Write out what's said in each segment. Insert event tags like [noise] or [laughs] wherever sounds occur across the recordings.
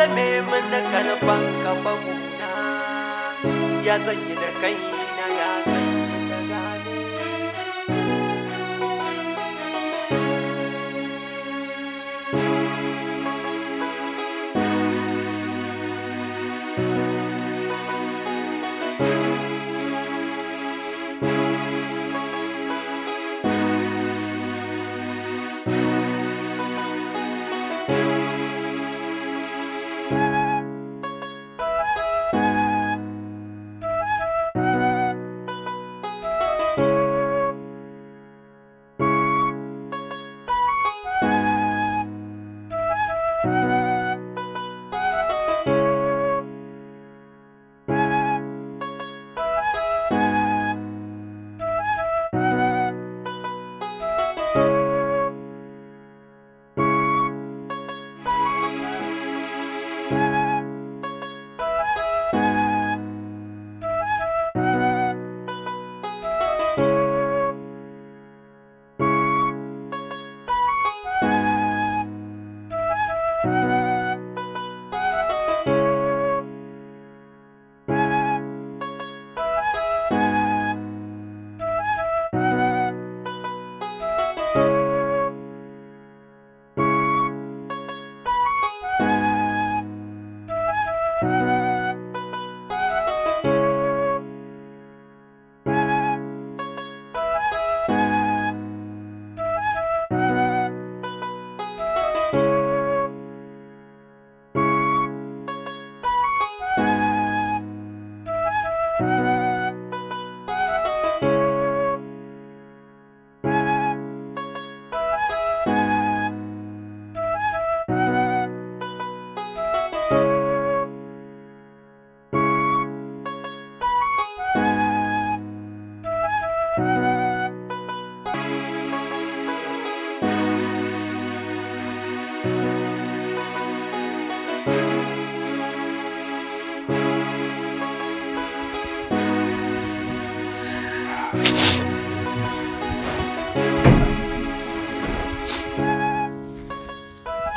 zame mana karfan kafa ya zanyi da kai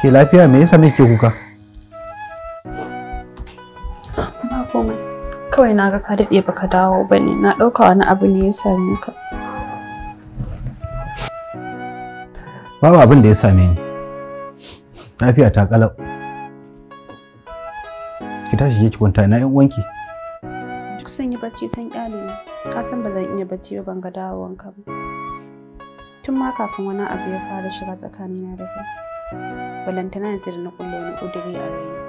ke lafiya me yasa muke kuka ba komai kawai na ga ka daɗe baka dawo ba ne na ɗauka wani abu ne ya same ka babu abin da ya same ni lafiya ta kalau ki tashi ki kwanta na yan wanki duk san yi bacci sun kyale ni ka san ba zan iya bacci ba ban ga dawowanka ba tun ma kafin wani abu ya fara shiga tsakanina da kai balantana yanzu na kulla wani ƙudiri a raina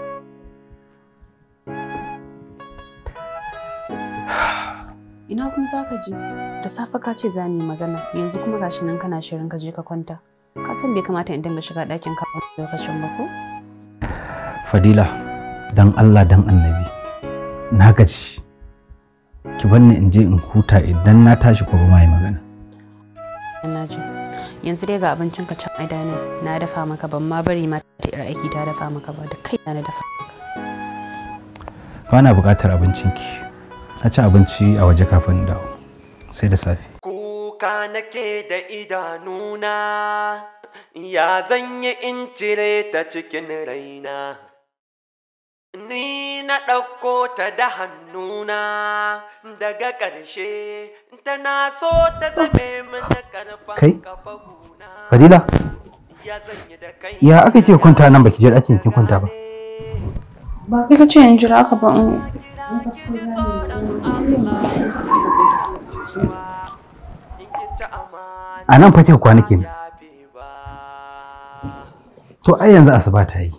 ina kuma za ka je da safe ka ce za mu yi magana yanzu kuma gashi nan kana shirin ka je ka kwanta ka san bai kamata in dinga shiga ɗakin ka lokacin ba ko fadila dan allah dan annabi na gaji ki banni in je in huta idan na tashi ko ba ma yi magana na ji yanzu dai ga abincin ka can a danin na dafa maka ban ma bari ma ta 'yar aiki ta dafa maka ba da kai na dafa ba na buƙatar ki, na ci abinci a waje kafin dawo sai da safe kuka nake da idanuna ya zanye in cire ta cikin raina Ni na ɗauko ta da hannuna daga ƙarshe tana so ta zame mana karfan kafa guna. Fadila, ya aka ke kwanta nan baki je ɗakin kin kwanta ba? Ba kai ka ce in jira ka ba in A nan fa kwanaki ne. To ai yanzu asuba ta yi.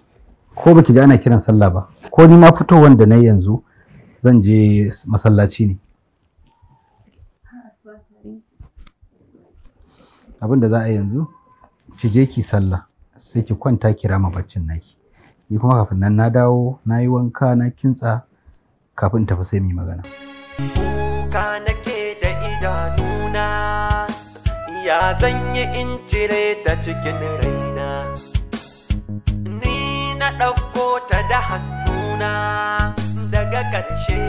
ko baki ji ana kiran sallah ba ko ni ma fitowar da na yanzu zan je masallaci ne abin da za a yanzu ki je ki sallah sai ki kwanta kira rama baccin naki ni kuma kafin nan na dawo na yi wanka na kintsa kafin tafi sai mu magana kuka nake da idanuna ya zanye in cire ta cikin raina ɗauko ta da hannuna daga ƙarshe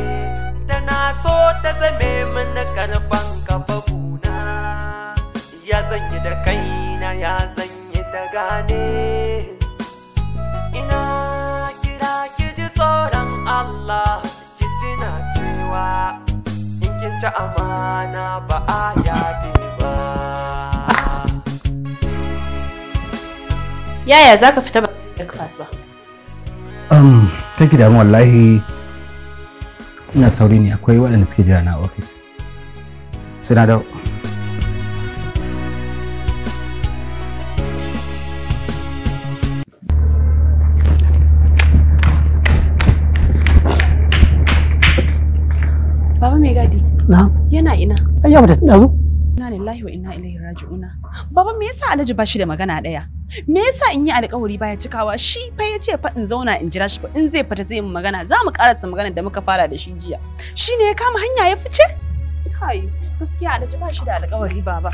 tana so ta zame mana karfan kafafuna ya zanyi da kaina ya zanyi da gane ina kira ki ji tsoron Allah ki tina cewa in kin ci amana ba a yabe ba yaya zaka fita ba breakfast ba um take da wallahi ina sauri ne akwai waɗanda suke jira na ofis suna da Baba mai gadi. Na. Yana ina. Ai ya fita tun Inna lillahi wa inna ilaihi raji'una. Baba me yasa Alhaji ba shi da magana ɗaya? Me yasa in yi alƙawari baya cikawa? Shi fa ya ce fa in zauna in jira shi in zai fita zai yi magana za mu ƙarasa magana da muka fara da shi jiya. Shi ne ya kama hanya ya fice? Kai gaskiya Alhaji ba shi da alƙawari baba.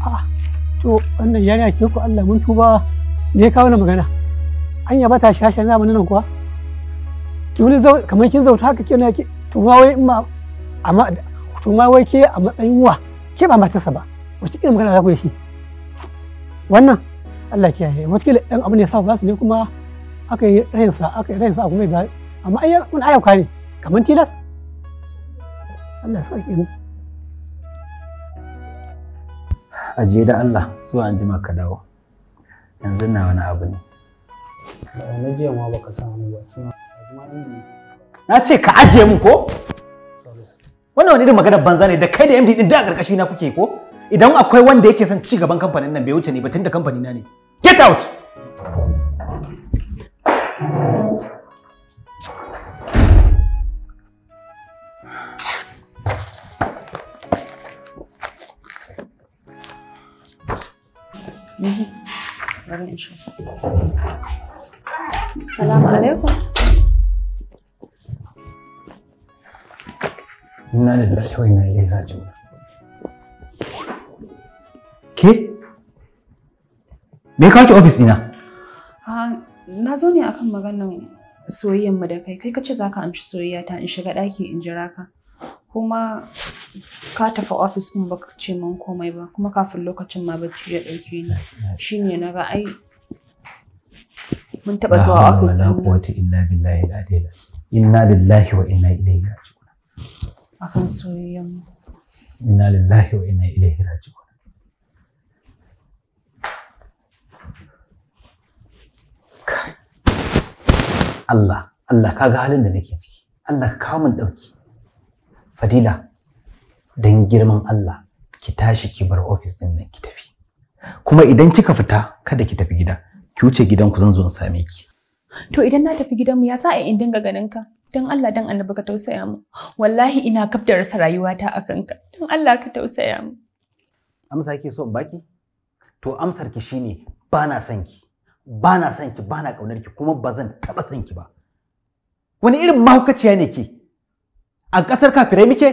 Ah, to wannan yarinya ke ku Allah mun tuba ne ya kawo na magana? An yaba ta shashen zamanin nan kuwa? Ki wani kamar kin zauta haka kenan ki to wai in ma amma to ma wai ke a matsayin wa ke ba matarsa ba wace irin magana za ku yi wannan Allah ke yaye wataƙila ɗan abu ne sa ba su ne kuma aka yi rayinsa aka yi rayinsa kuma ba amma ai wani ayyuka ne kamar tilas Allah ya sauke mu ajiye da Allah zuwa an jima ka dawo yanzu na wani abu ne na jiya ma baka samu ba na ce ka ajiye mu ko wannan wani irin maganar banza ne da kai da MD din da karkashi na kuke ko idan akwai wanda yake son ci gaban kamfanin nan bai wuce ni ba tunda kamfani na ne get out mhm. Salamu alaikum. inna lillahi wa inna ilaihi raji'un ke me ka ki office dina na zo ne akan maganan soyayyar mu da kai kai kace zaka amshi soyayya ta in shiga daki in jira ka kuma ka tafi office kuma baka ce min komai ba kuma kafin lokacin ma bacci ya dauke ni shine na ga ai mun taba zuwa office inna lillahi wa inna ilaihi raji'un akan soyayyen mu inna lillahi wa inna ilaihi raji'un Allah Allah ka ga halin da nake ciki Allah ka kawo min dauki Fadila dan girman Allah ki tashi ki bar ofis din nan ki tafi kuma idan kika fita kada ki tafi gida ki wuce gidanku zan zo in same ki to idan na tafi gidanmu ya sa in dinga ganin ka don Allah don annabi ka tausaya mu wallahi ina kaf da rasa rayuwata a kanka don Allah ka tausaya mu amsa ke so baki to amsar ki shine ba na son ki ba na son ki ba na kaunar ki kuma ba zan taba son ki ba wani irin mahaukaciya ne ki a kasar kafirai muke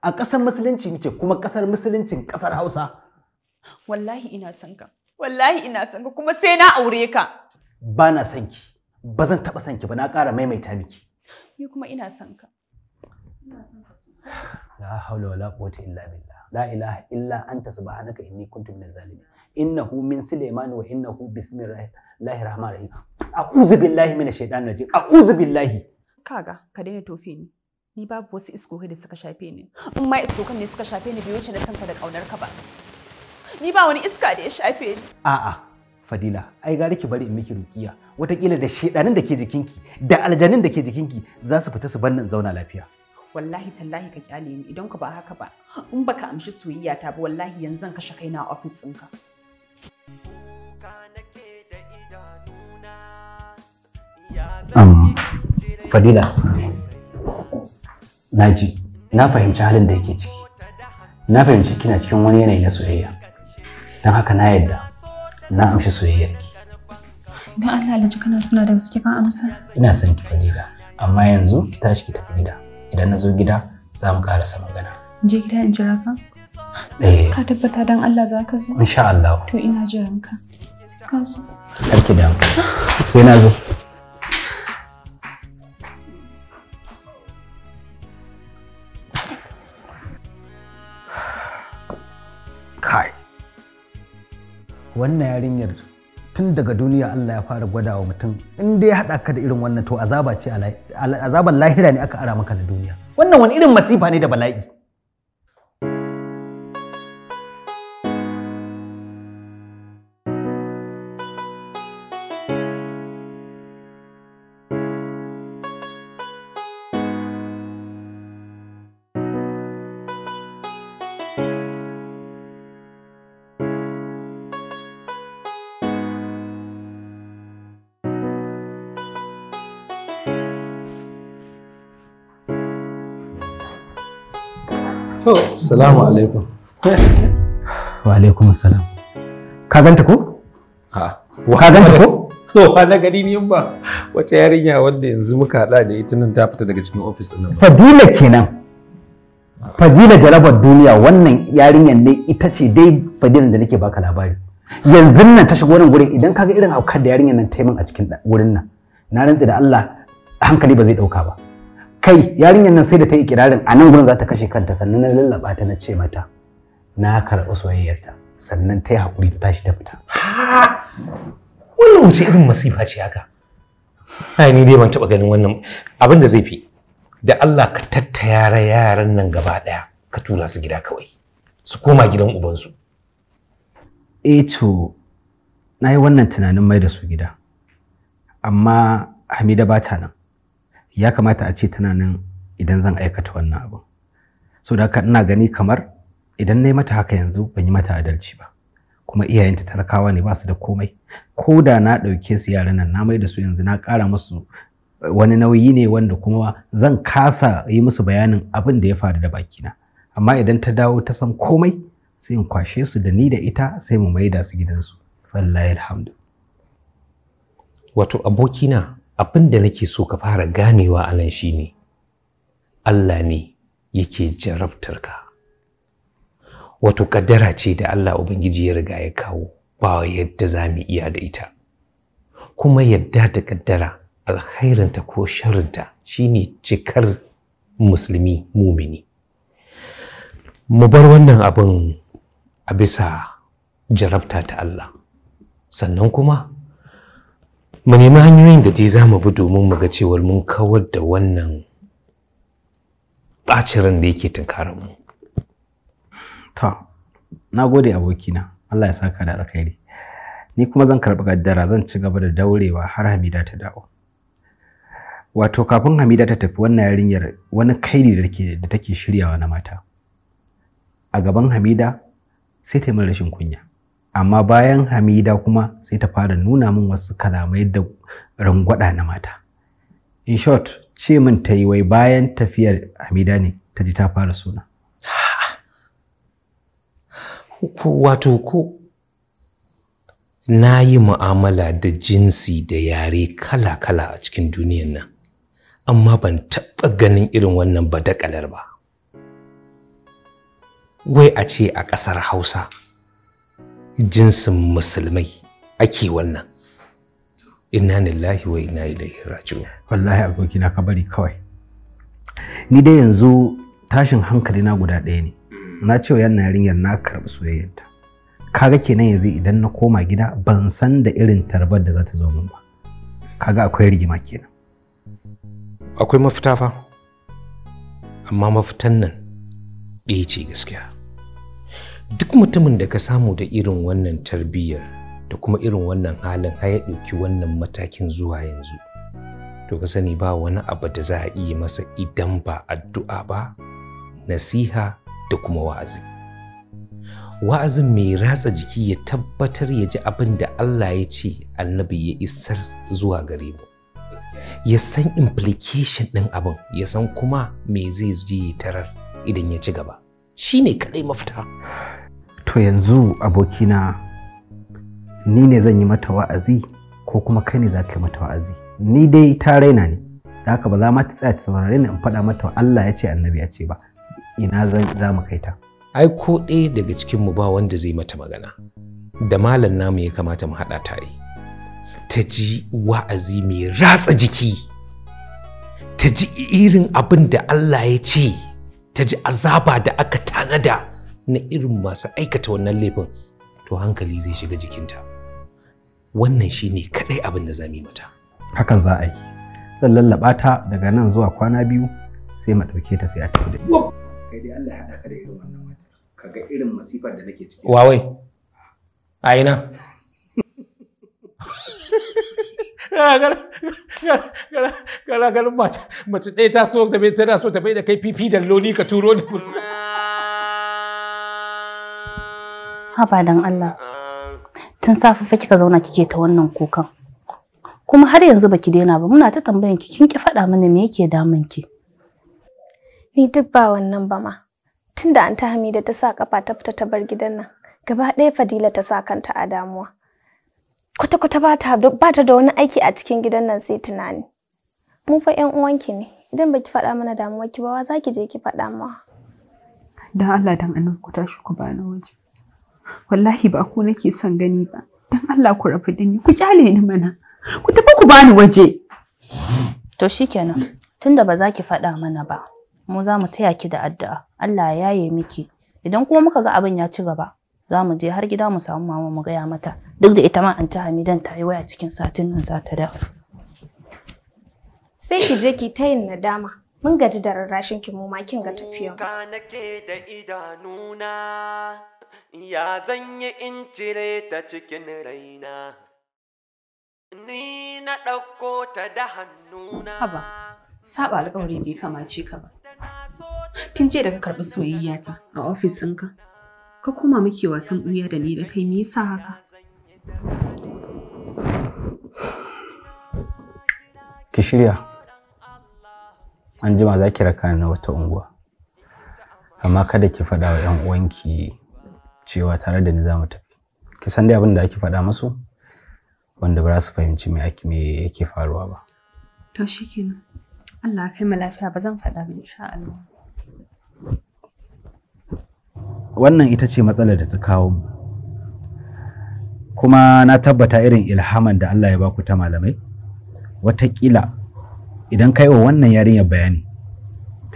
a kasar musulunci muke kuma kasar musuluncin kasar Hausa wallahi ina son ka wallahi ina son ka kuma sai na aure ka ba na son ki ba zan taɓa son ki ba na ƙara maimaita miki ni kuma ina son ka la haula wala quwwata illa billah la ilaha illa anta subhanaka inni kuntu minaz zalimin innahu min sulaiman wa innahu bismillahir rahmanir rahim a'udhu billahi minash shaitanir rajim a'udhu billahi kaga ka daina tofi ni ni babu wasu iskokai da suka shafe ni in ma iskokan ne suka shafe ni bai wuce na ka da kaunar ka ba ni ba wani iska da ya shafe ni a'a fadila ai gari ki bari in miki rukiya wataƙila da shedanin da ke jikinki da aljanin da ke jikinki za su fita su bannan zauna lafiya wallahi tallahi ka kyale ni idan ka ba haka ba in baka amshi soyayya ta ba wallahi yanzu zan kashe kaina a office ɗinka. Um, fadila naji na fahimci halin da yake ciki na fahimci kina cikin wani yanayi na soyayya don haka na yadda na amshi soyayyarki don Allah ji kana suna da gaske kan amsa ina son ki fadila, amma yanzu ki tashi ki tafi gida idan na zo gida za mu karasa magana je gida in jira ka eh ka tabbata dan Allah za ka zo insha Allah to ina jiran ka sai ka zo ki sai na zo wannan yarinyar tun daga duniya Allah ya fara gwada wa mutum in dai haɗa ka da irin wannan to azaba ce azaban lahira ne aka ara maka na duniya wannan wani irin masifa ne da bala'i Assalamu salamu alaikum. [laughs] Wa alaikum assalam. Ka ganta ko? A. Ka ganta ko? To, [laughs] ba na gari ni ba. Wace yarinya wanda yanzu muka hada da ita nan ta fita daga cikin ofis din nan. Fadila kenan. Fadila jarabar duniya wannan yarinyar ne ita ce dai fadilan da nake baka labari. Yanzu nan ta shigo nan gurin idan kaga irin haukar da yarinyar nan ta yi min a cikin wurin nan. Na rantse da Allah hankali ba zai ɗauka ba. kai yarinyar nan sai da ta yi kirarin a nan gurin za ta kashe kanta sannan na lallaba ta na ce mata na karɓi soyayyarta sannan ta yi haƙuri ta tashi ta fita. Ha! Wannan wace irin masifa ce haka? Ai ni dai ban taɓa ganin wannan abin da zai fi. Da Allah ka tattayara yaran nan gaba ɗaya ka tura su gida kawai. Su koma gidan ubansu. E to, na yi wannan tunanin mai da su gida. Amma Hamida ba ta nan. ya kamata a ce tana nan idan zan aikata wannan abin so da haka ina gani kamar idan na yi mata haka yanzu ban yi mata adalci ba kuma iyayenta talakawa ne ba su da komai ko da na ɗauke su yaran nan na mai da su yanzu na ƙara musu eh, wani nauyi ne wanda kuma zan kasa yi musu bayanin abin da ya faru da bakina amma idan ta dawo ta san komai sai in kwashe su da ni da ita sai mu maida su gidansu wallahi alhamdu wato abokina abin da nake so ka fara ganewa a nan shine Allah ne yake jarabtar ka wato kaddara ce da Allah Ubangiji ya riga ya kawo ba yadda za mu iya da ita kuma yadda da kaddara alkhairinta ko sharrinta shine cikar musulmi mumini mu bar wannan abin a bisa jarabta ta Allah sannan kuma mu nemi hanyoyin da je za mu bi domin mu ga cewar mun kawar da wannan ɓacin da yake tunkarar mu Ta, na gode abokina Allah ya saka da alkhairi ni kuma zan karɓi gaddara zan ci gaba da daurewa har Hamida ta dawo wato kafin Hamida ta tafi wannan yarinyar wani kairi da take da shiryawa na mata a gaban Hamida sai ta yi rashin kunya amma bayan hamida kuma sai ta fara nuna min wasu kalamai da rangwada na mata in short ce min ta yi wai bayan tafiyar hamida ne ta ji ta fara suna wato ko na yi mu'amala da jinsi da yare kala-kala a cikin duniyan nan amma ban taɓa ganin irin wannan badakalar ba wai a ce a ƙasar hausa jinsin musulmai ake wannan inna lillahi wa inna ilaihi raji'un wallahi aboki na ka bari kawai ni dai yanzu tashin hankali na guda ɗaya ne na ce wa yannan yarinyar na karɓi soyayyarta kaga kenan yanzu idan na koma gida ban san da irin tarbar da za ta zo min ba kaga akwai rigima kenan akwai mafita fa amma mafitan nan ɗaya ce gaskiya duk mutumin da ka samu da irin wannan tarbiyyar da kuma irin wannan halin har ya ɗauki wannan matakin zuwa yanzu to ka sani ba wani abu da za a iya masa idan ba addu'a ba nasiha da kuma wa'azi wa'azin mai ratsa jiki ya tabbatar ya ji abin da Allah ya ce annabi ya isar zuwa gare mu ya san implication ɗin abin ya san kuma me zai je tarar idan ya ci gaba shine kadai mafita to yanzu abokina ni ne zan yi mata wa'azi ko kuma kai ne za ka yi mata wa'azi ni dai ta raina ne da haka ba za ma ta tsaya ta saurare ni in faɗa mata Allah ya ce annabi ya ce ba ina za mu kai ta ai ko ɗaya daga cikin mu ba wanda zai mata magana da malam namu ya kamata mu haɗa tare ta ji wa'azi mai ratsa jiki ta ji irin abin da Allah ya ce ta ji azaba da aka tanada na irin masu aikata wannan laifin to hankali zai shiga jikinta wannan shine kadai abin da za mu yi mata hakan za a yi zan lallaba ta daga nan zuwa kwana biyu sai mu ɗauke ta sai a tafi da kai dai Allah ya haɗa ka da irin wannan ka ga irin masifar da nake ciki wawai a ina gara gara mace ɗaya ta so ta bai da kai fifi da loli ka turo da Haba dan Allah. Tun safe fa kika zauna kike ta wannan kukan. Kuma har yanzu baki daina ba muna ta tambayan ki kin ki faɗa mana me yake damun ki? Ni duk ba wannan ba ma. Tunda an Hamida ta sa kafa ta fita ta bar gidan nan. Gaba ɗaya Fadila ta sa kanta a damuwa. Kwata-kwata ba ta da wani aiki a cikin gidan nan sai tunani. Mu fa 'yan uwanki ne. Idan baki faɗa mana ki ba wa za ki je ki faɗa mawa. Dan Allah dan annabi ku tashi ku bani waje. wallahi ba ko nake son gani ba dan Allah ku rafi dani ku kyale ni mana ku tafi ku bani waje to shikenan tunda ba za ki faɗa mana ba mu za mu taya ki da addu'a Allah ya yaye miki idan kuma muka ga abin ya ci gaba za mu je har gida mu samu mama mu gaya mata duk da ita ma an ta hamidan ta yi waya cikin satin nan za ta da sai ki je ki tayin nadama mun gaji da rarrashin ki mu ma kin ga tafiyan da idanuna ya zanyi in cire ta cikin raina ni na ɗauko ta da hannuna haba saba alƙawari bai kamace ka ba Kin ce da ka karɓi soyayya ta a ofis ɗinka ka koma muke wasan ɓuya da ni da kai me yasa haka ki shirya an jima za ki raka na wata unguwa amma kada ki faɗa wa 'yan uwanki cewa tare da ni za mu tafi ki san dai abin da ake faɗa musu wanda ba za su fahimci me ake yake faruwa ba to shikenan Allah kai mu lafiya ba zan faɗa ba insha Allah wannan ita ce matsalar da ta kawo mu kuma na tabbata irin ilhaman da Allah ya baku ta malamai watakila idan kai wa wannan yarinyar bayani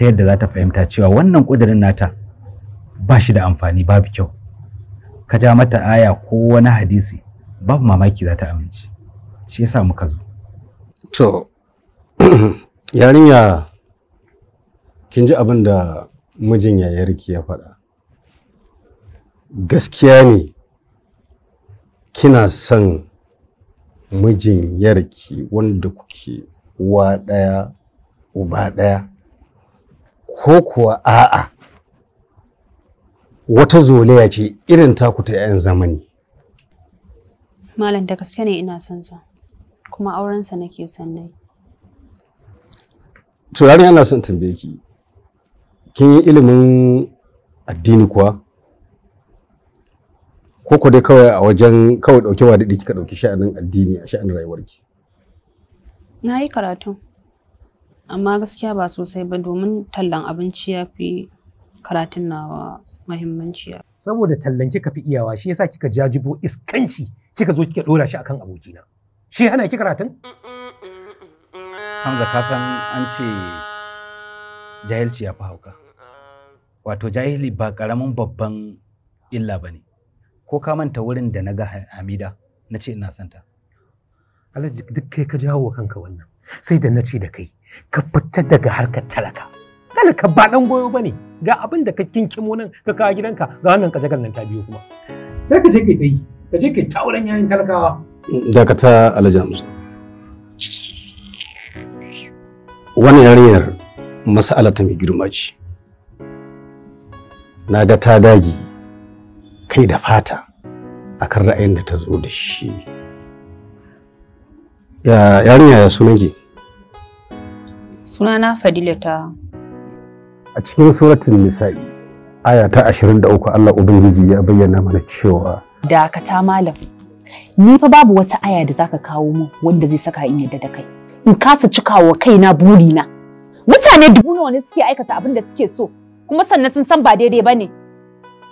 ta yadda za ta fahimta cewa wannan ƙudurin nata ba shi da amfani babu kyau ka ja mata aya ko wani hadisi babu mamaki za ta amince shi yasa muka zo to [clears throat] yarinya kin ji abin da mijin yayarki ya faɗa gaskiya ne kina son mijin yarki wanda kuke uwa ɗaya uba ɗaya ko kuwa a'a wata zolaya ce irin taku ta 'yan zamani. Malam da gaske ne ina son sa, kuma aurensa nake son nai. Turare ana son tambaye ki, kin yi ilimin addini kuwa? Ko ku dai kawai a wajen kawai ɗauke wa daɗi kika ɗauki sha'anin addini a sha'anin rayuwarki? Na yi karatu, amma gaskiya ba sosai ba domin tallan abinci ya fi karatun nawa muhimmanci saboda tallan kika fi iyawa shi yasa kika jajibo iskanci kika zo kika dora shi akan abokina shi hana ki karatun Hamza ka san an ce jahilci ya fi hauka wato jahili ba karamin babban illa bane ko ka manta wurin da na ga Hamida na ce ina santa Alhaji duk kai ka jawo kanka wannan sai da na ce da kai ka fita daga harkar talaka talaka ba dan goyo bane ga abin da ka kinkimo nan ka kawo gidanka ga wannan kajagar nan ta biyo kuma sai ka je kai ta yi ka je kai ta wurin yayin talakawa dakata alhaji hamza Wani yarinyar mas'ala ta mai girma ce na ga ta dagi kai da fata akan ra'ayin da ta zo da shi yarinya ya sunan ki sunana fadila ta a cikin suratul nisa'i aya ta 23 Allah ubangiji ya bayyana mana cewa dakata malam ni fa babu wata aya da zaka kawo mu wanda zai saka in yadda da kai in kasa cikawa kaina burina mutane dubu nawa ne suke aikata abin da suke so kuma sannan sun san ba daidai bane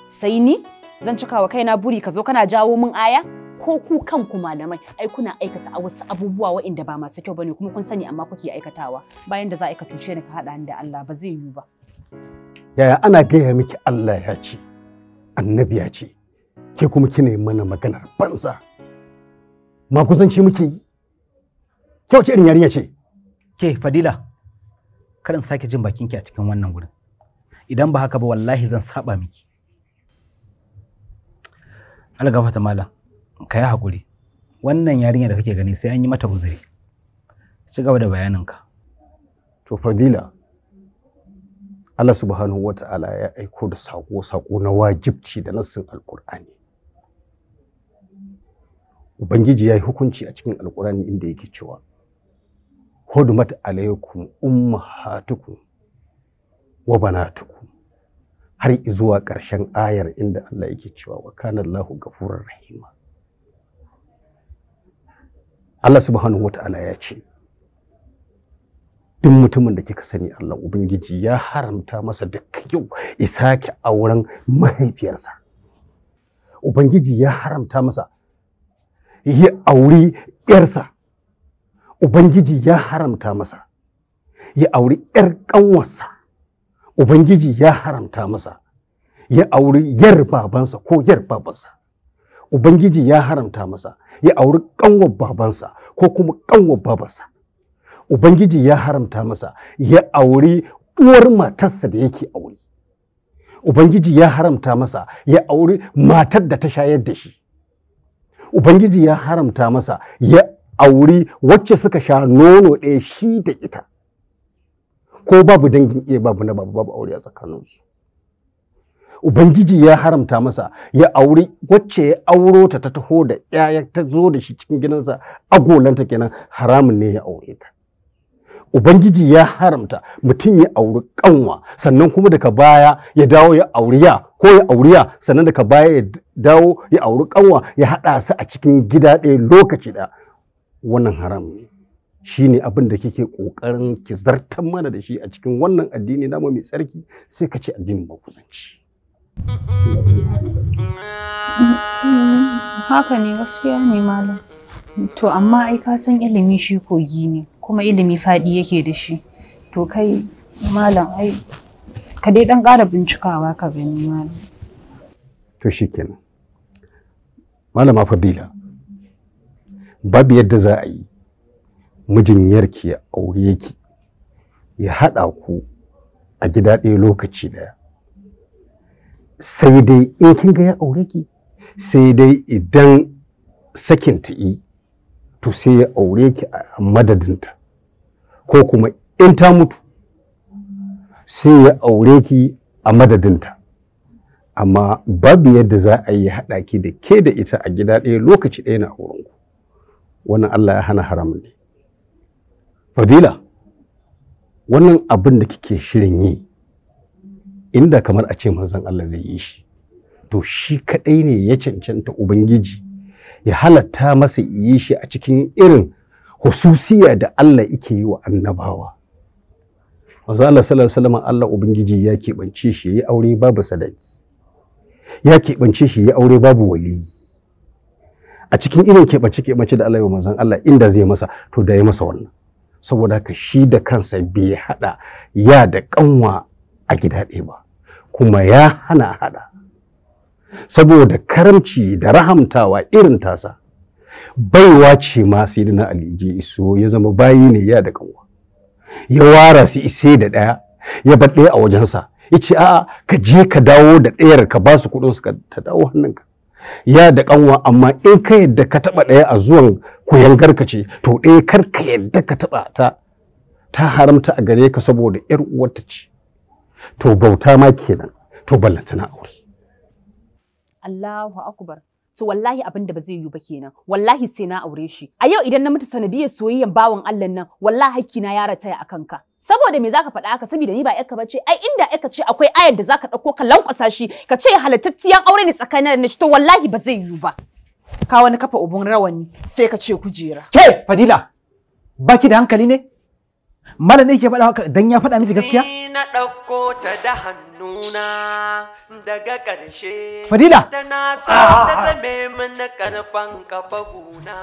sai ni zan cikawa kaina buri ka zo kana jawo mun aya ko ku kanku malamai ai kuna aikata wasu abubuwa waɗanda ba masu kyau bane kuma kun sani amma kuke aikatawa bayan da za a aika tuce ni ka haɗa ni da Allah ba zai yiwu ba yaya ana gaya miki Allah ya ce annabi ya ce ke kuma ne mana maganar banza ma kusanci muke yi ke wace irin yarinya ce ke fadila karin sake jin bakin ki a cikin wannan gurin idan ba haka ba wallahi zan saba miki algafata malam ka yi hakuri. wannan yarinya da kake gani sai an yi mata uzuri ci gaba da bayaninka to fadila Allah subhanahu wa ta'ala ya aiko da saƙo-saƙo na wajibci da nassin alƙur'ani ubangiji ya yi hukunci a cikin alƙur'ani inda yake cewa hudumat alaikum ummahatukum wa banatukum har zuwa ƙarshen ayar inda Allah yake cewa wa kana Allahu gafurar rahima Allah subhanahu wa ta'ala ya ce duk mutumin da kika sani Allah Ubangiji ya haramta masa dukkan yau ya sake auren mahaifiyarsa. Ubangiji ya haramta masa ya auri ‘yarsa. Ubangiji ya haramta masa ya auri ‘yar ƙanwarsa. Ubangiji ya haramta masa ya auri ‘yar babansa ko ‘yar babansa. Ubangiji ya haramta masa ya auri ƙanwar babansa ko kuma ƙanwar babansa. ubangiji ya haramta masa ya auri uwar matarsa da yake aure ubangiji ya haramta masa ya auri matar da ta shayar da shi ubangiji ya haramta masa ya auri wacce suka sha nono ɗaya shi da ita ko babu dangin iya babu na babu babu aure a tsakaninsu ubangiji ya haramta masa ya auri wacce ya auro ta ta taho da 'ya'ya ta zo da shi cikin gidansa agolanta kenan haramun ne ya aure ta ubangiji ya haramta mutum ya auri kanwa sannan kuma daga baya ya dawo ya auriya ko ya auriya sannan daga baya ya dawo ya auri kanwa ya haɗa su a cikin gida ɗaya lokaci ɗaya wannan haram ne shi ne abin da kike ƙoƙarin ki zartar mana da shi a cikin wannan addini namu mai tsarki sai ka ce addinin kusanci. haka ne gaskiya ne malam to amma ai ka san ilimi shi kogi ne kuma ilimi faɗi yake da shi to kai malam ai ka dai ɗan ƙara bincikawa ka gani malam to shi kenan malama fadila babu yadda za a yi mijin yarki ya aure ki ya haɗa ku a gida ɗaya lokaci ɗaya sai dai in kin ga ya aure ki sai dai idan sakin ta yi to sai ya aure ki a madadinta ko kuma in ta mutu sai ya aure ki a madadinta amma babu yadda za a yi haɗa ki da ke da ita a gida ɗaya lokaci ɗaya na aurenku wannan Allah ya hana haramun ne fadila wannan abin da kike shirin yi inda kamar a ce manzon Allah zai yi shi to shi kaɗai ne ya cancanta ubangiji ya halatta masa yi shi a cikin irin hususiya da Allah yake yi wa annabawa manzo Allah sallallahu alaihi Allah ubangiji ya keɓance shi ya yi aure babu sadaki ya keɓance shi ya aure babu wali a cikin irin keɓance keɓance da Allah ya manzon Allah inda zai masa to da ya masa wannan saboda haka shi da kansa bai haɗa ya da ƙanwa a gida ɗaya ba kuma ya hana haɗa. saboda karamci da rahamtawa irin tasa baiwa ce ma sayyidina na je iso ya zama bayi ne ya da kanwa ya wara su ise da ɗaya ya bar ɗaya a wajensa ya ce a'a ka je ka dawo da ɗayar ka ba su kuɗin su ta dawo hannun ka ya da kanwa amma in ka yadda ka taɓa ɗaya a zuwan koyan garka ce to ɗaya kar ka yadda ka taɓa ta ta haramta a gare ka saboda 'yar uwarta ce to bauta ma kenan to ballantana aure Allahu akbar to wallahi abin da ba zai yiwu ba kenan wallahi sai na aure shi a yau idan na mutu sanadiyar soyayyan bawan Allah nan wallahi hakki na ya rataya a kanka saboda me zaka faɗa haka saboda ni ba ba ce ai inda ƴarka ce akwai ayar da zaka ɗauko ka lankwasa shi ka ce halattacciyan aure ne tsakanin na shi to wallahi ba zai yiwu ba ka wani kafa ubun rawani sai ka ce kujera ke fadila baki da hankali ne malam ne ke faɗa haka dan ya faɗa miki gaskiya na ɗauko ta da hannuna daga ƙarshe fadila tana so ta ah, ah, ah. zame mana karfan kafa guna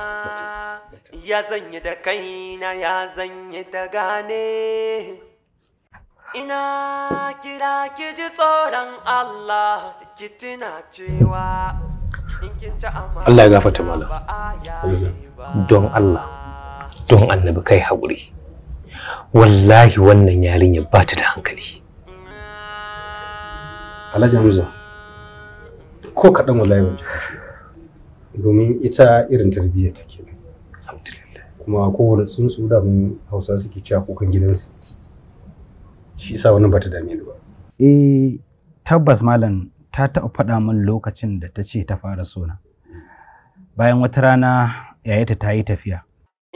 ya zanyi da kaina ya zanyi da gane ina kira ki ji tsoron Allah ki tuna cewa Allah ya gafarta mala don Allah don annabi kai haƙuri wallahi wannan yarinya ba ta da hankali alhaji hamza ko kaɗan wallahi ban ji domin ita irin tarbiyya take kuma kowane tsuntsu da mun hausa suke cewa kukan gidansu shi yasa wani bata dame ni ba eh tabbas malam ta taɓa faɗa min lokacin da ta ce ta fara sona bayan wata rana yayata ta yi tafiya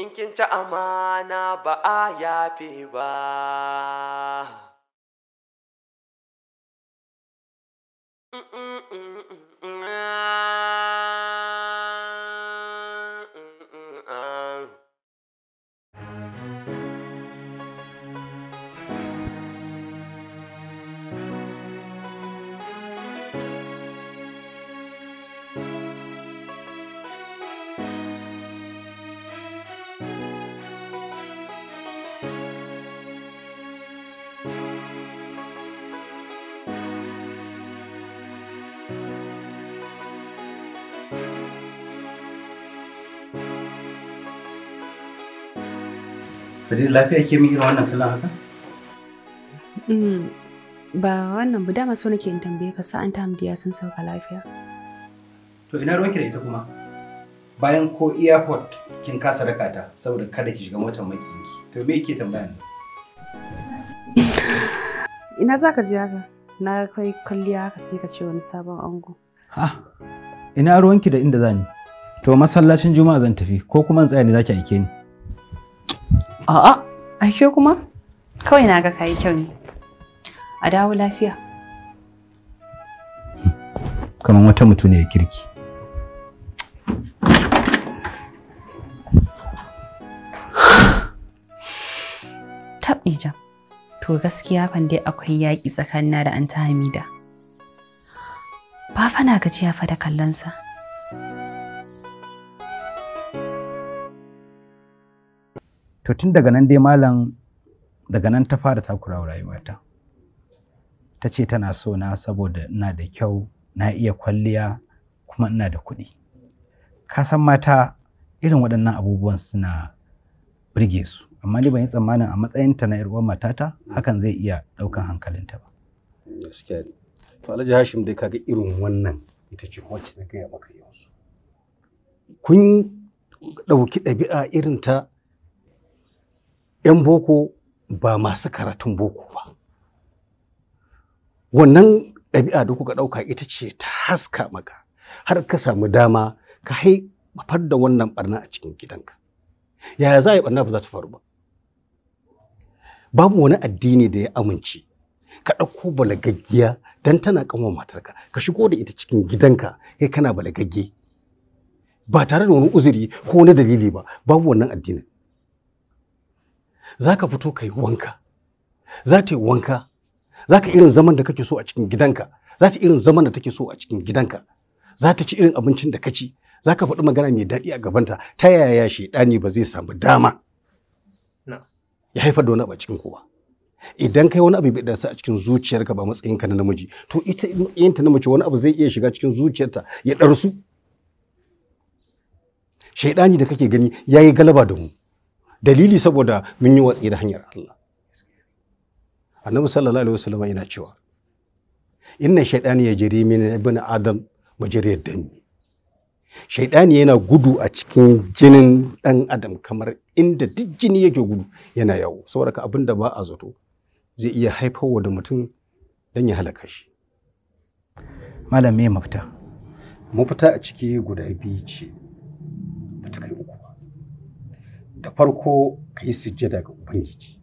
in kin ci amana ba a yafe ba Mm-mm-mm-mm. Bari lafiya ke min irin wannan kallon haka? Mm, ba wannan ba dama so nake in tambaye ka sa'an ta hamdiya sun sauka lafiya. To ina ruwanki da ita kuma? Bayan ko airport kin kasa raka ta saboda kada ki shiga motar makiyinki. To me yake tambaya ne? [laughs] Ina za ka je haka? Na kai kwalliya haka sai ka ce wani sabon ango. Ha, ina ruwanki da inda ni, To masallacin juma'a zan tafi ko kuma in tsaya ne zaki aike ni. A'a, ashe kuma? Kawai na ga yi kyau ne. A dawo lafiya. Kamar wata mutuniyar kirki. Taɓija, to gaskiya fan dai akwai yaƙi tsakanina da Anta Hamida. Ba fa na gajiya fa da kallonsa. sa. to tun daga nan dai malam daga nan ta fara takurawa rayuwata ta ce tana so na saboda ina da kyau na iya kwalliya kuma ina da kuɗi ka san mata irin waɗannan abubuwan suna birge su amma ni ban yi tsammanin a matsayin ta na uwar matata hakan zai iya ɗaukan hankalinta ba to alhaji hashim dai kaga kun ɗauki ɗabi'a irin ta 'yan boko ba masu karatun boko ba wannan ɗabi'a da kuka ɗauka ita ce ta haska maka har ka samu dama ka hai mafar da wannan barna a cikin gidanka yaya za a yi barna ba za ta faru ba babu wani addini da ya amince ka ɗauko balagaggiya don tana ƙanwa matarka ka shigo da ita cikin gidanka kai kana balagagge ba tare da wani uzuri ko wani dalili ba babu wannan addinin za ka fito ka yi wanka za ta yi wanka za ka irin zaman da kake so a cikin gidanka za ta irin zaman da take so a cikin gidanka za ta ci irin abincin da ka ci za ka faɗi magana mai daɗi a gabanta ta yaya shaidani ba zai samu dama ya haifar da wani abu a cikin kowa idan kai wani abu bai dasa a cikin zuciyarka ba matsayinka na namiji to ita matsayinta na mace wani abu zai iya shiga cikin zuciyarta ya ɗarsu shaidani da kake gani ya yi galaba da mu dalili saboda mun yi watsi da hanyar Allah annabi sallallahu alaihi wasallam yana cewa inna shaidani ya jiri min ibn adam majriyad dami shaidani yana gudu a cikin jinin dan adam kamar inda duk jini yake gudu yana yawo saboda ka abinda ba a zato zai iya haifarwa da mutum dan ya halaka shi malam me mafita mafita a ciki guda biyu ce ta kai da farko ka yi sujjada ga Ubangiji,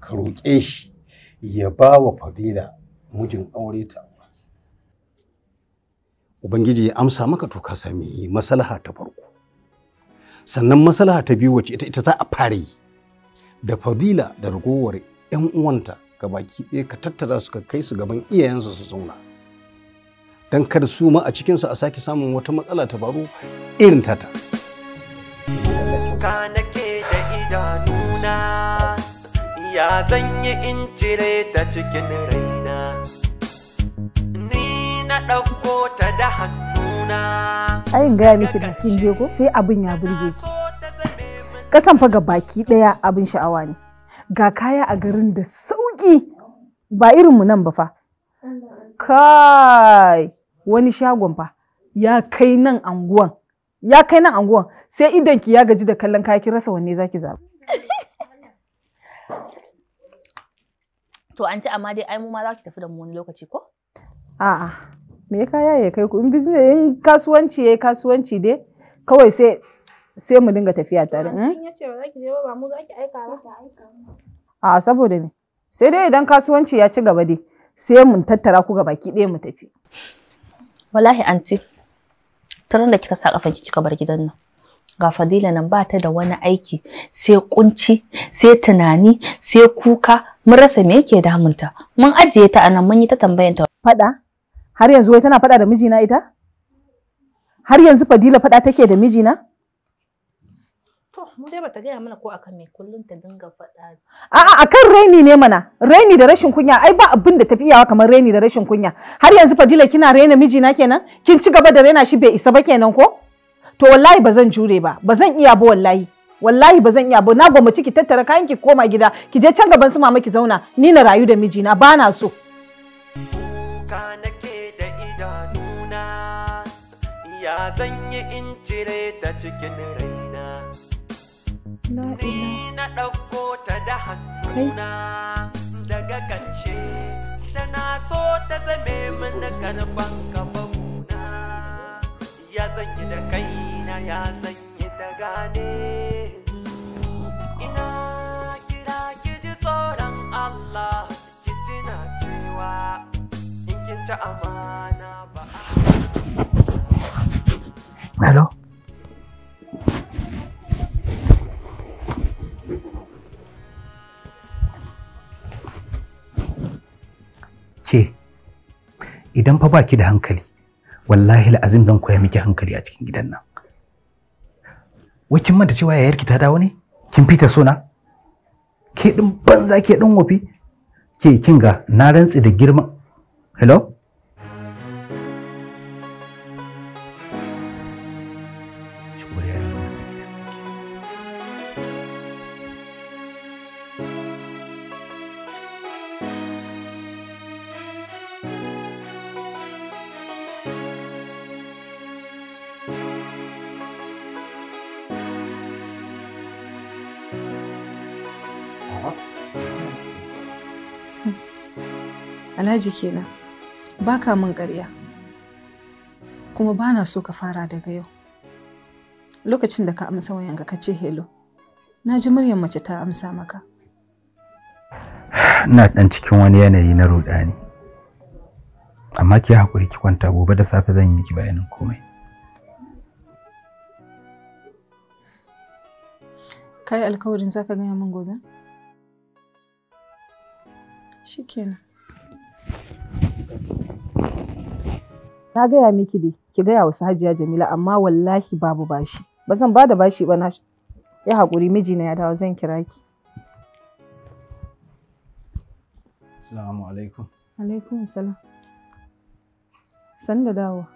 ka roƙe shi ya ba wa fadila mijin aure ta aura. Ubangiji ya amsa maka to ka sami masalaha ta farko. Sannan maslaha ta biyu wacce ita ita za a fara yi da fadila da ragowar 'yan uwanta ga baki ɗaya ka tattara su ka kai su gaban iyayensu su zauna. Don kar su ma a cikinsu a sake samun wata matsala ta baro irin tata. Kana nuna, ya zanyi in cire ta cikin raina ni na ɗauko ta da hannuna ai gaya miki da kin je ko sai abin ya burge ki kasan fa ga baki ɗaya abin sha'awa ne ga kaya a garin da sauki ba irin mu nan ba fa kai wani shagon fa ya kai nan anguwan ya kai nan anguwan sai idan ki ya gaji da kallon kaya rasa wanne zaki zaɓa to anti amma dai ai mu ma za ki tafi da mu wani lokaci ko a'a me kaya ya kai ku in business in kasuwanci yayi kasuwanci dai kawai sai sai mu dinga tafiya tare in hmm? ya ce ba za ki je ba ba mu za ki aika ba a saboda me sai dai idan kasuwanci ya ci gaba dai sai mun tattara ku ga baki ɗaya mu tafi wallahi anti taron da kika sa kafanki kika bar gidan nan ga fadila nan ba ta da wani aiki sai kunci sai tunani sai kuka mun rasa me yake damunta mun ajiye ta anan mun yi ta tambayan ta fada har yanzu wai tana fada da mijina ita har yanzu fadila fada take da mijina to mu dai bata gaya mana ko akan me kullun ta dinga fada a'a akan raini ne mana raini da rashin kunya ai ba abin da tafi iyawa kamar raini da rashin kunya har yanzu fadila kina raina mijina kenan kin ci gaba da raina shi bai isa ba kenan ko to wallahi ba zan jure ba ba zan iya ba wallahi wallahi ba zan iya ba na gwamnati ki tattara kayan ki koma gida ki je can gaban su mama ki zauna ni na rayu da mijina ba na so kuka nake da idanuna ya zan yi in cire ta cikin raina ni na ɗauko ta da hannuna daga ƙarshe tana so ta zame mana karɓan kababuna ya zan yi da kai na ya sanyi ta gane ina kira ki tsoron Allah ki tuna cewa in kin amana ba Hello? idan fa baki da hankali, wallahi la'azim zan koya miki hankali a cikin gidan nan. wai kin manta cewa yayarki ta dawo ne kin fita sona ke din banza ke din wofi ke kinga na rantsi da girman hello jikina ba ka min ƙarya kuma ba na so ka fara daga yau lokacin da ka amsa wayanka ka ce helo, na ji muryar mace ta amsa maka ina ɗan cikin wani yanayi na ruɗani amma ki hakuri ki kwanta gobe da safe zan yi miki bayanin komai kai alkawarin zaka gaya min gobe shikenan Na gaya miki dai, ki gaya wasu hajiya Jamila amma wallahi babu bashi. Ba zan ba bashi ba na ya haƙuri na ya dawo zan kira ki. Assalamu alaikum. Alaikum salam. San da dawo.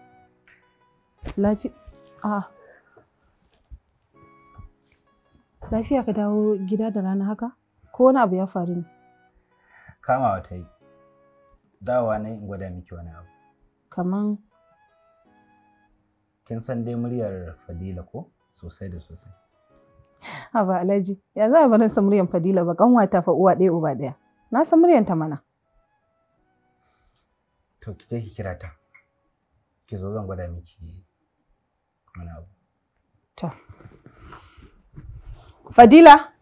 Lafi a Lafiya ka dawo gida da rana haka? Ko wani abu ya faru ne? Kamawa ta yi. dawa ne in gwada miki wani abu kaman kin san dai muryar fadila ko sosai da sosai haba alhaji ya za a barin sa muryar fadila ba kanwata fa uwa ɗaya uba ɗaya na san muryar ta mana to ki je ki kira ta ki zo zan gwada miki wani abu to fadila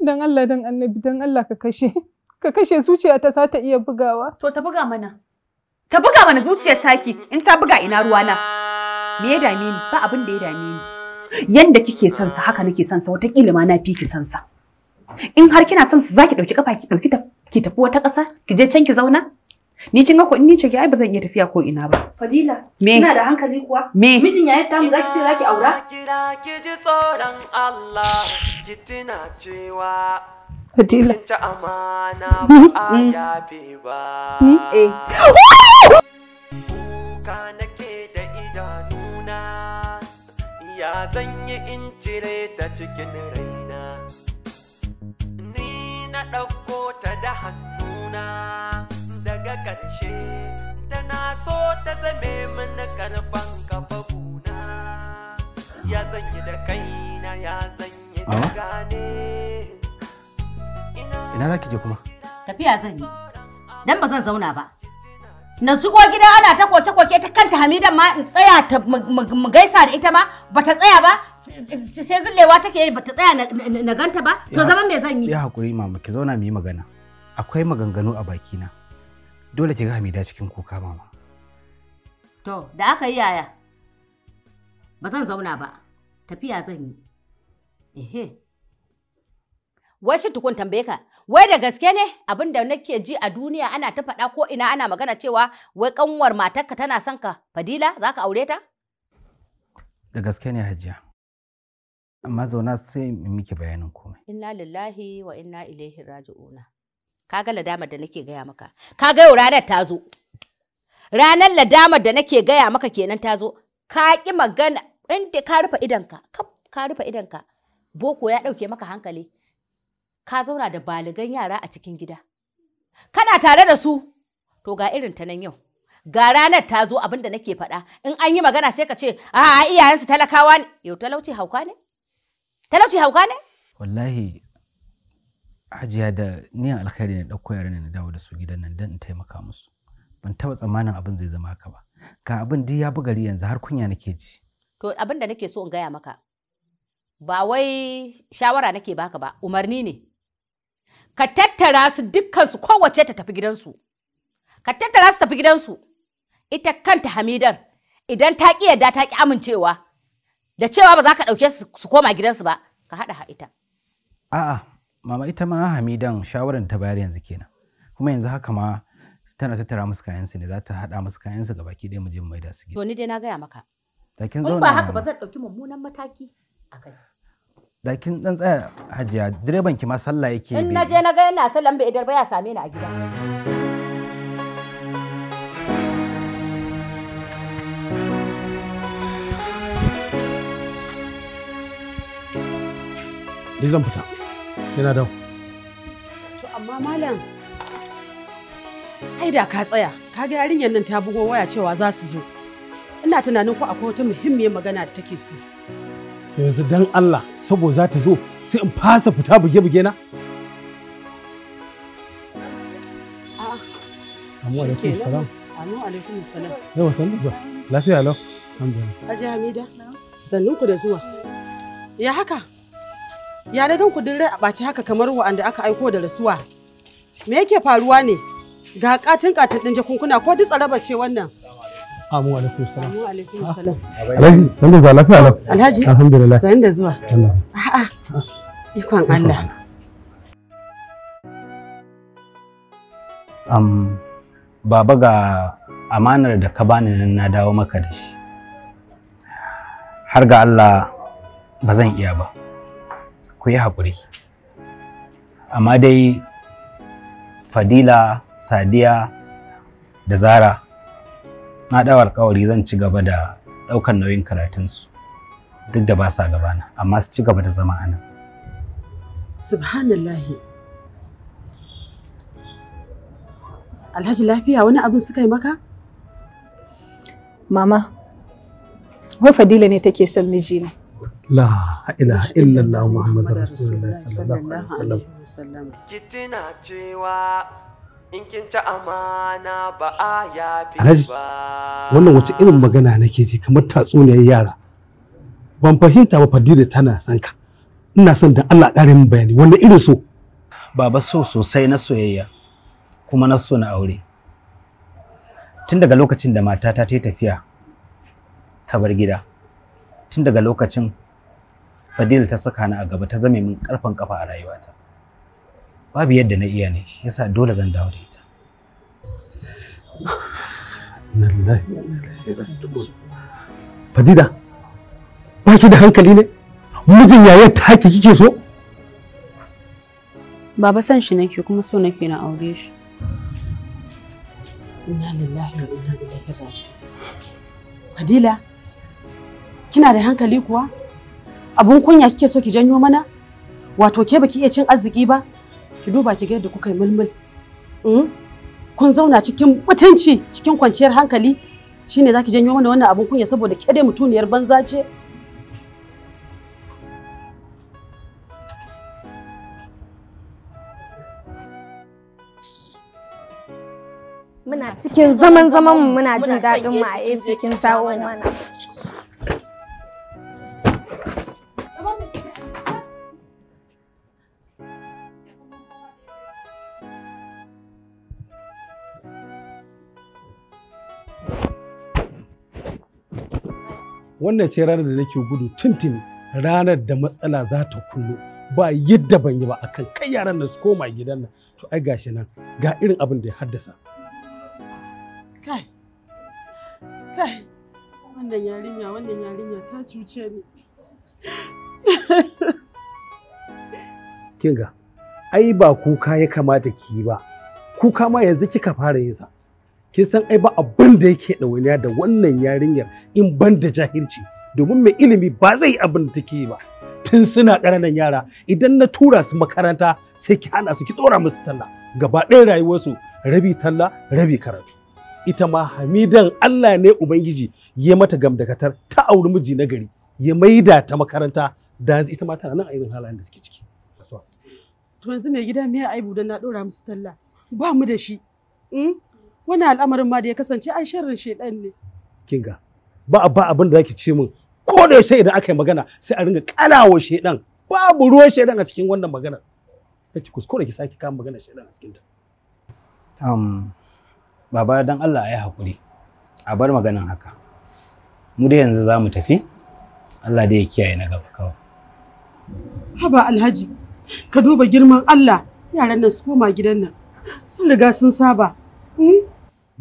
Dan Allah dan annabi dan Allah ka kashe. Ka kashe zuciya ta za ta iya bugawa. To ta buga mana. Ta buga mana zuciyar taki in ta buga ina ruwa na? Me ya dame ni? Ba abin da ya dame ni. Yanda kike son sa haka nake son sa kila ma na fi ki son sa. In har kina son sa zaki ɗauki kafa ki ɗauki ta ki tafi wata ƙasa ki je can ki zauna? Ni kin ga ko ni ce ki ai ba zan iya tafiya ko ina ba. Fadila, me? Kina da hankali kuwa? Me? Mijin yayin mu zaki ce zaki aura? Kira ki ji tsoron Allah, ki tuna cewa Fadila. Ki amana ba a yabe ba. Eh. Kuka nake da idanuna, ya zan yi in cire Ni na ɗauko ta da hannuna. ƙarshe tana so ta zame mana karfan kafa buna ya zanyi da kaina ya zanyi da gane ina za ki je kuma tafiya zan yi dan ba zan zauna ba na shigo gida ana ta koke-koke ta kanta hamida ma in tsaya ta mu gaisa da ita ma bata tsaya ba sai zullewa take bata tsaya na ganta ba to zaman me zan yi ya hakuri mama ki zauna mu yi magana akwai maganganu a bakina dole ki ga Hamida cikin kuka mama. To, da aka yi yaya? Ba zan zauna ba, tafiya zan yi. Ehe. Wai tukun tambaye ka, wai da gaske ne abin da nake ji a duniya ana ta faɗa ko ina ana magana cewa wai ƙanwar matarka tana son ka fadila za ka aure ta? Da gaske ne hajiya. Amma zauna sai miki bayanin komai. Inna lillahi wa inna ilaihi raji'una. kaga ladamar da nake gaya maka kaga yau ranar ta zo ranar ladamar da nake gaya maka kenan ta zo ka ki magana inda ka rufe idanka ka rufe idanka boko ya ɗauke maka hankali ka zauna da baligan yara a cikin gida kana tare da su to ga irin ta nan yau ga ranar ta zo abin da nake faɗa in an yi magana sai ka ce a iyayensu talakawa ne yau talauci hauka ne talauci hauka ne wallahi hajiya da niyan alkhairi na ɗauko yaran na dawo da su gidan nan don in taimaka musu ban taɓa tsammanin abin zai zama haka ba ga abin duk ya bugari yanzu har kunya nake ji to abin da nake so in gaya maka ba wai shawara nake baka ba umarni ne ka tattara su dukkan su kowace ta tafi gidansu ka tattara su tafi gidansu ita kanta hamidar idan ta ki yarda ta ki amincewa da cewa ba za ka ɗauke su koma gidansu ba ka haɗa ha ita a'a mama ita ma hamidan shawaran ta bayar yanzu kenan kuma yanzu haka ma tana tattara musu kayan su ne za ta haɗa musu kayan su baki ɗaya mu je mu maida su gida to ni dai na gaya maka da kin ba haka ba zan ɗauki mummunan mataki akai da kin dan tsaya hajiya direban ki ma sallah yake in na je na ga yana sallan bai idar ba ya same ni a gida Ni zan fita. yana da dawo. To amma malam ai da ka tsaya ka ga yarinyar nan ta bugo waya cewa za su zo. Ina tunanin ko akwai wata muhimmiyar magana da take so. Yanzu dan Allah saboda za ta zo sai in fasa fita buge-buge na? Amu alaikum salam. Amu alaikum salam. Yawa sannu zuwa. Lafiya lau. Alhamdulillah. Aji Hamida. Sannunku da zuwa. Ya haka? Ya na gan ku rai a ɓaci haka kamar wa'anda aka aiko da rasuwa. Me yake faruwa ne? Ga katin katin ɗin jakunkuna ko duk tsaraba ce wannan? Amu alaikum salam. Amu alaikum salam. Alhaji, san da zuwa lafiya lau. Alhaji, alhamdulillah. San da zuwa. A'a. Ikon Allah. am baba ga amanar da ka bani nan na dawo maka da shi. Har ga Allah ba zan iya ba. ku yi haƙuri amma dai fadila sadiya da zara na ɗawa alƙawari zan ci gaba da ɗaukar nauyin karatunsu duk da ba sa gabana amma su ci gaba da zama a nan alhaji lafiya wani abin suka yi maka mama wai fadila ne take son mijina la ilaha illallah muhammadu rasulullahi sallallahu alaihi wasallam kitina cewa in kin ci amana ba a yafi ba wannan wace irin magana nake ji kamar tatsuniyar yara ban fahimta ba fadila tana son ka ina son da Allah ƙarin bayani wanda irin so baba so sosai na soyayya kuma na so na aure tun daga lokacin da matata ta yi tafiya ta bar gida tun daga lokacin Fadil ta saka ni a gaba ta zame min karfin kafa a rayuwata. Babu yadda na iya ne, yasa dole zan dawo da ita. Fadida, ba ki da hankali ne? Mijin yayar ta haki kike so? Baba san shi nake kuma so nake na aure shi. Inna lillahi wa inna ilaihi raji'un. Fadila, kina da hankali kuwa? abun kunya kike so ki janyo mana wato ke baki iya cin arziki ba ki duba ki ga yadda kuka yi mulmul hmm? kun zauna cikin mutunci cikin kwanciyar hankali shine zaki janyo mana wannan abun kunya saboda ke dai mutuniyar banza ce muna cikin zaman zaman muna jin daɗin mu a cikin tawon mana wannan ce ranar da nake gudu tuntuni ranar da matsala za ta kullu ba yadda ban yi ba akan kai yaran da su koma gidan nan to ai gashi nan ga irin abin da ya haddasa kai kai wannan yarinya wannan yarinya ta cuce ni kinga ai ba kuka ya kamata ki yi ba kuka ma yanzu kika fara yin sa kin san ai ba abin da yake ɗawainiya da wannan yarinyar in ban da jahilci domin mai ilimi ba zai yi abin da take yi ba tun suna ƙananan yara idan na tura su makaranta sai ki hana su ki tsora musu talla gaba ɗaya rayuwarsu rabi talla rabi karatu ita ma hamidan Allah ne ubangiji ya mata gamdakatar ta auri miji na gari ya maida ta makaranta da ita ma tana nan a irin halayen da suke ciki to yanzu mai gida me ya aibu dan na dora musu talla ba mu da shi hmm? Wani al'amarin ma da ya kasance ai sharrin shedan ne. Kinga ba ba abin da zaki ce min ko da yaushe idan aka yi magana sai a ringa kalawo shedan babu ruwan shedan a cikin wannan maganar. Kake kuskure ki sake kama magana shedan a cikin ta. Um, baba dan Allah ya hakuri. A bar maganan haka. Mu da yanzu za mu tafi. Allah da ya kiyaye na gaba kawai. Haba Alhaji, ka duba girman Allah yaran nan su koma gidan nan. Sun riga sun saba. Hmm?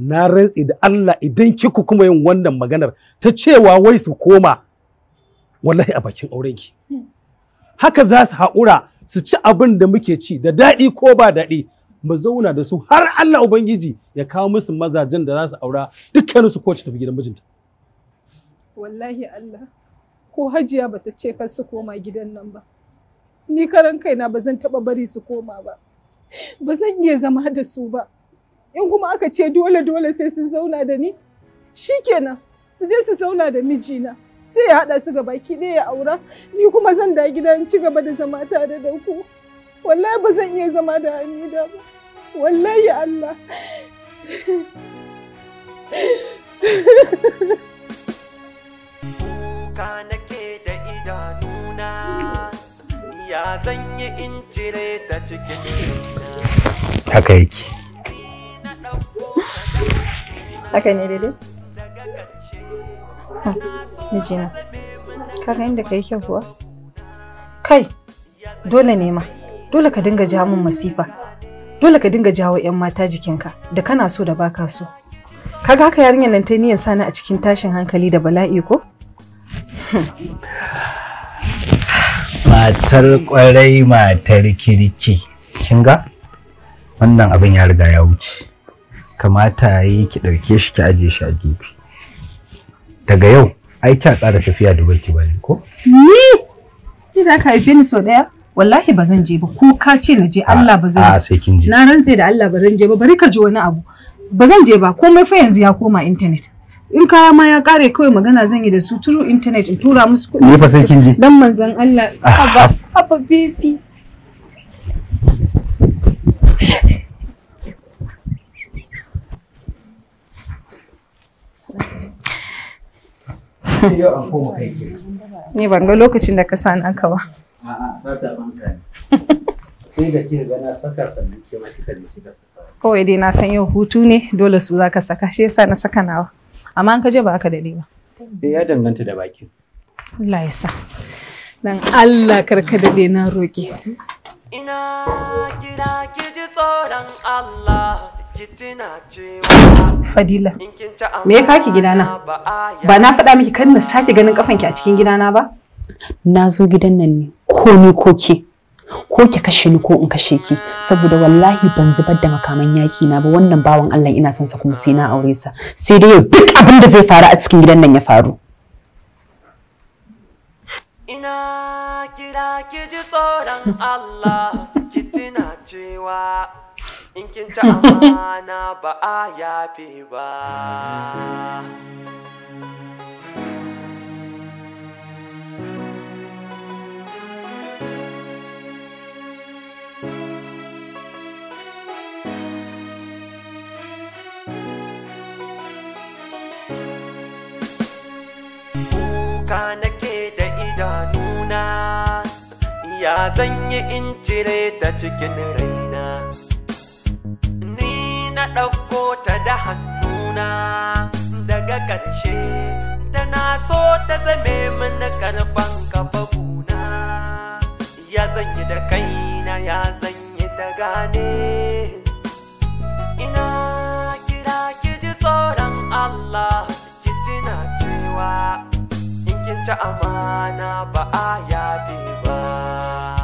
na rantsi da Allah idan kiku kuma yin wannan maganar ta cewa wai su koma wallahi a bakin aurenki haka za su haƙura su ci abin da muke ci da daɗi ko ba daɗi mu zauna da su har Allah Ubangiji ya kawo musu mazajen da za su aura dukkanin su kowace tafi gidan mijinta. Wallahi Allah ko hajiya bata ce kar su koma gidan nan ba. Ni karan kaina ba zan taɓa bari su koma ba. Ba zan iya zama da su ba. in kuma aka ce dole dole sai sun zauna da ni shikenan su je su zauna da mijina sai ya haɗa su ga baki ɗaya ya aura ni kuma zan da gida in ci gaba da zama tare da ku wallahi ba zan iya zama da Hamida ba wallahi Allah kuka nake da idanuna ya yi in cikin haka haka ne daidai mijina ka ga inda ka yi kyau kuwa kai dole ne dole ka dinga ja masifa dole ka dinga jawo 'yan mata jikinka da kana so da baka so kaga haka yarinyar nan ta niyan sani a cikin tashin hankali da bala'i ko [sighs] matar kwarai matar kirki kin ga wannan abin ya riga ya wuce kamata yi ki ɗauke shi ki aje shi a gefe daga yau ai kya ƙara tafiya da baki bane ko ni ni da ka haife ni so daya wallahi ba zan je ba ko ka ce na je Allah ba zan je a sai kin je na rantse da Allah ba zan je ba bari ka ji wani abu ba zan je ba komai fa yanzu ya koma internet in kaya ma ya kare kawai magana zan yi da su turu internet in tura musu kuɗi ni fa sai kin je dan manzon Allah ah. Haba, haba bibi yau an ni ban ga lokacin da ka sani aka ba sai da kika ga na saka sannan ke kika je kika saka kawai dai na san yau hutu ne dole su za ka saka shi yasa na saka nawa amma an kaje ba aka dade ba eh, ya danganta da baki. Allah ya sa dan Allah karka dade na roke ina kira ki ji tsoron Allah Fadila, me ya kaki gidana? Ba na faɗa miki kan na sake ganin kafanki a cikin gidana ba? Na zo gidan nan ne, ko ni ko ke. Ko ki kashe ni ko in kashe ki, saboda wallahi ban zubar da makaman yaki na ba wannan bawan Allah ina son sa kuma sai na aure sa. Sai dai duk abin da zai faru a cikin gidan nan ya faru. Ina kira ki ji tsoron Allah, ki cewa in kin ci amana ba a yafe ba Kuka nake da idanuna ya zanye in cire ta cikin raina ɗauko ta da hannuna daga ƙarshe tana so ta zame mana karɓan kafafuna ya zanyi da kaina ya zanyi da gane ina kira ki ji tsoron Allah ki tuna cewa in kin ci amana ba a yabe ba